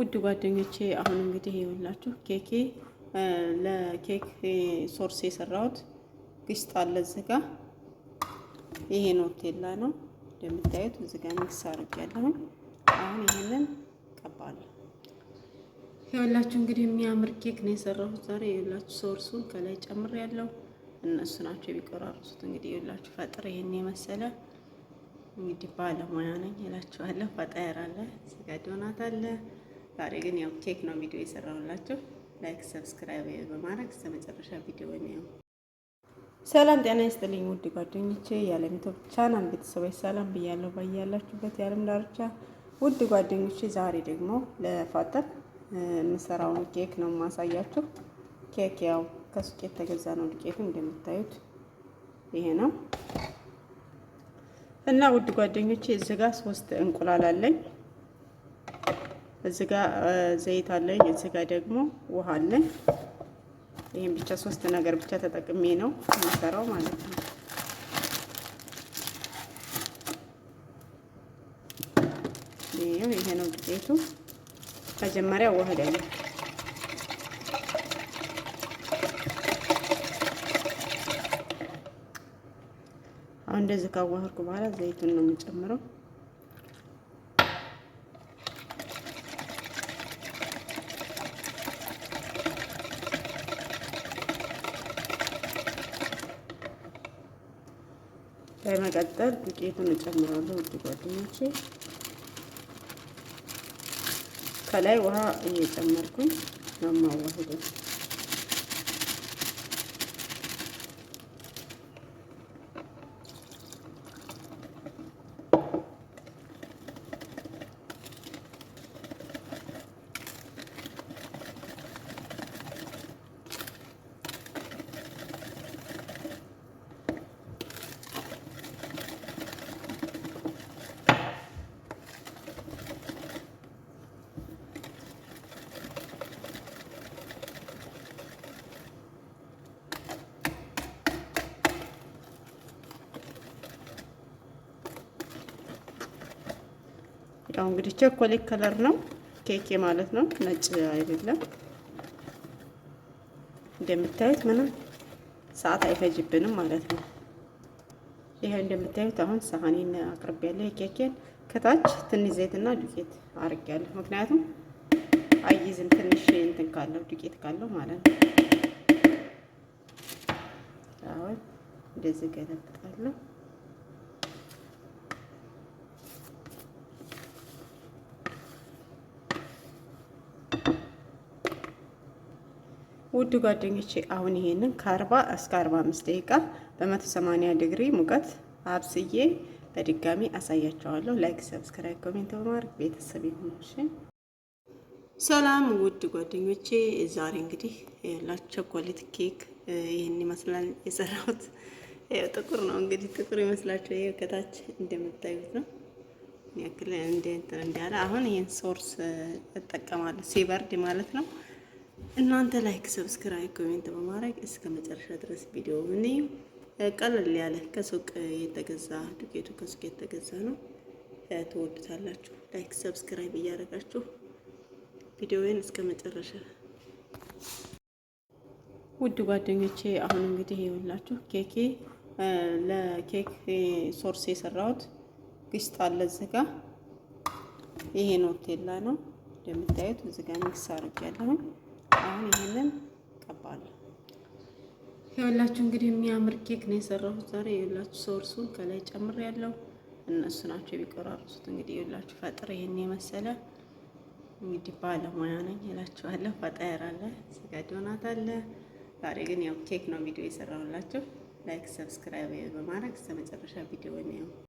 ውድ ጓደኞቼ አሁን እንግዲህ ይኸውላችሁ ኬኬ ለኬክ ሶርስ የሰራሁት ግሽጣ አለ እዚህ ጋ ይሄ ኖቴላ ነው እንደምታዩት እዚህ ጋ ሚክስ አድርጌያለሁ። አሁን ይህንን ቀባለሁ። ይኸውላችሁ እንግዲህ የሚያምር ኬክ ነው የሰራሁት ዛሬ። ይኸውላችሁ ሶርሱን ከላይ ጨምሬያለሁ። እነሱ ናቸው የሚቆራርሱት። እንግዲህ ይኸውላችሁ ፈጥር ይሄን የመሰለ እንግዲህ ባለሙያ ነኝ እላችኋለሁ። ፈጣ ያራለ ስጋ ዶናት አለ ዛሬ ግን ያው ኬክ ነው ቪዲዮ የሰራሁላችሁ። ላይክ ሰብስክራይብ በማድረግ እስከ መጨረሻ ቪዲዮ ነው። ሰላም ጤና ይስጥልኝ ውድ ጓደኞቼ፣ የዓለም ዩቲዩብ ቻናል ቤተሰቦች ሰላም ብያለሁ። ባያላችሁበት የዓለም ዳርቻ ውድ ጓደኞቼ፣ ዛሬ ደግሞ ለፋጠር የምሰራውን ኬክ ነው የማሳያችሁ። ኬክ ያው ከሱቅ የተገዛ ነው። ዱቄቱ እንደምታዩት ይሄ ነው እና ውድ ጓደኞቼ እዚህ ጋር ሶስት እንቁላል አለኝ እዚጋ ዘይት አለኝ፣ እዚጋ ደግሞ ውሃ አለኝ። ይህም ብቻ ሶስት ነገር ብቻ ተጠቅሜ ነው የምሰራው ማለት ነው። ይኸው ይሄ ነው ዱቄቱ። መጀመሪያ ወህደለ አሁን እንደዚህ ካዋህርኩ በኋላ ዘይቱን ነው የምጨምረው። በመቀጠል ዱቄቱን እጨምራለሁ። ውድ ጓደኞቼ ከላይ ውሃ እየጨመርኩኝ ነው የማዋህደው። ያው እንግዲህ ቸኮሌት ከለር ነው ኬኬ ማለት ነው፣ ነጭ አይደለም። እንደምታዩት ምንም ሰዓት አይፈጅብንም ማለት ነው። ይሄ እንደምታዩት አሁን ሳህኔን አቅርቤያለሁ። ኬኬን ከታች ትንሽ ዘይትና ዱቄት አርጌያለሁ፣ ምክንያቱም አይዝም ትንሽ እንትን ካለው ዱቄት ካለው ማለት ነው። አሁን እንደዚህ ገለብጣለሁ። ውድ ጓደኞቼ አሁን ይሄንን ከአርባ እስከ አርባ ደቂቃ በ180 ዲግሪ ሙቀት አብስዬ በድጋሚ አሳያቸዋለሁ። ላይክ፣ ሰብስክራይብ፣ ኮሜንት በማድረግ ቤተሰብ ይሁኑሽ። ሰላም ውድ ጓደኞቼ፣ ዛሬ እንግዲህ ያላችሁ ቸኮሌት ኬክ ይህን ይመስላል የሰራሁት። ጥቁር ነው እንግዲህ ጥቁር ይመስላቸው። ይሄ ከታች እንደምታዩት ነው ያክል እንደ እንትን እንዳለ። አሁን ይህን ሶርስ እጠቀማለሁ ሲበርድ ማለት ነው። እናንተ ላይክ፣ ሰብስክራይብ፣ ኮሜንት በማድረግ እስከ መጨረሻ ድረስ ቪዲዮ እኔ ቀለል ያለ ከሱቅ የተገዛ ዱቄቱ ከሱቅ የተገዛ ነው። ትወዱታላችሁ። ላይክ፣ ሰብስክራይብ እያደረጋችሁ ቪዲዮውን እስከ መጨረሻ ውድ ጓደኞቼ አሁን እንግዲህ ይኸውላችሁ ኬኬ ለኬክ ሶርስ የሰራሁት ግስጥ አለ እዚህ ጋ። ይሄ ኖቴላ ነው እንደምታዩት እዚህ ጋ ሚክስ አድርጌያለሁኝ። አሁን ይሄንን ቀባለሁ። የሁላችሁ እንግዲህ የሚያምር ኬክ ነው የሰራሁት ዛሬ። የሁላችሁ ሰው ከላይ ጨምር ያለው እነሱ ናቸው የሚቆራርሱት። እንግዲህ የሁላችሁ ፈጥር ይሄን የመሰለ እንግዲህ ባለሙያ ነኝ እላችኋለሁ። ፈጣየር አለ፣ ስጋ ዶናት አለ። ዛሬ ግን ያው ኬክ ነው ቪዲዮ የሰራሁላችሁ። ላይክ ሰብስክራይብ በማድረግ እስከ መጨረሻ ቪዲዮ ነው